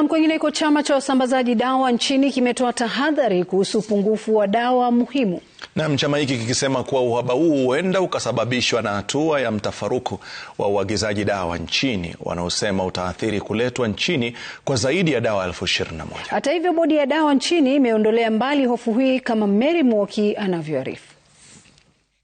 Naam, kwengineko chama cha wasambazaji dawa nchini kimetoa tahadhari kuhusu upungufu wa dawa muhimu. Naam, chama hiki kikisema kuwa uhaba huu huenda ukasababishwa na hatua ya mtafaruku wa uagizaji dawa nchini wanaosema utaathiri kuletwa nchini kwa zaidi ya dawa elfu ishirini na moja. Hata hivyo, bodi ya dawa nchini imeondolea mbali hofu hii kama Mary Mwoki anavyoarifu.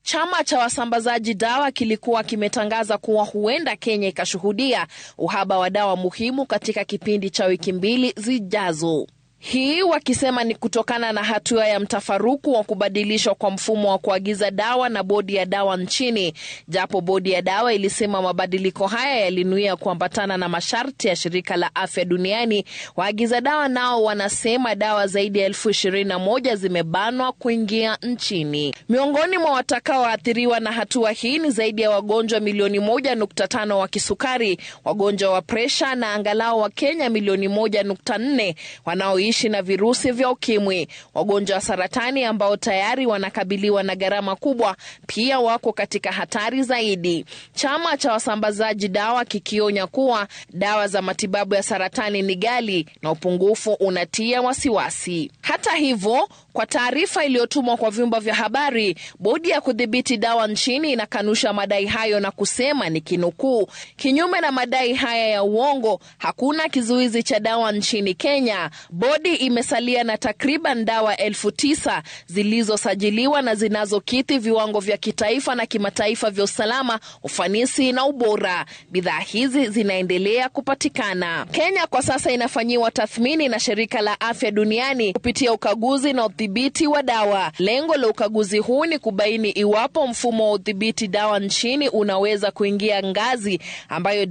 Chama cha wasambazaji dawa kilikuwa kimetangaza kuwa huenda Kenya ikashuhudia uhaba wa dawa muhimu katika kipindi cha wiki mbili zijazo. Hii wakisema ni kutokana na hatua ya mtafaruku wa kubadilishwa kwa mfumo wa kuagiza dawa na bodi ya dawa nchini, japo bodi ya dawa ilisema mabadiliko haya yalinuia kuambatana na masharti ya shirika la afya duniani. Waagiza dawa nao wanasema dawa zaidi ya elfu ishirini na moja zimebanwa kuingia nchini. Miongoni mwa watakaoathiriwa na hatua hii ni zaidi ya wagonjwa milioni moja nukta tano wa kisukari, wagonjwa wa presha na angalau wa Kenya milioni moja nukta nne wanao wanaoishi na virusi vya ukimwi. Wagonjwa wa saratani ambao tayari wanakabiliwa na gharama kubwa pia wako katika hatari zaidi. Chama cha wasambazaji dawa kikionya kuwa dawa za matibabu ya saratani ni ghali na upungufu unatia wasiwasi. Hata hivyo, kwa taarifa iliyotumwa kwa vyombo vya habari, bodi ya kudhibiti dawa nchini inakanusha madai hayo na kusema ni kinukuu, kinyume na madai haya ya uongo, hakuna kizuizi cha dawa nchini Kenya. Bodi Bodi imesalia na takriban dawa elfu tisa zilizosajiliwa na zinazokithi viwango vya kitaifa na kimataifa vya usalama, ufanisi na ubora. Bidhaa hizi zinaendelea kupatikana. Kenya kwa sasa inafanyiwa tathmini na shirika la afya duniani kupitia ukaguzi na udhibiti wa dawa. Lengo la ukaguzi huu ni kubaini iwapo mfumo wa udhibiti dawa nchini unaweza kuingia ngazi ambayo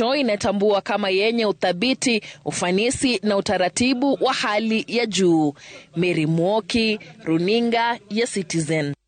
WHO inatambua kama yenye uthabiti, ufanisi na utaratibu wa hali ya juu. Mary Mwoki, runinga ya Citizen.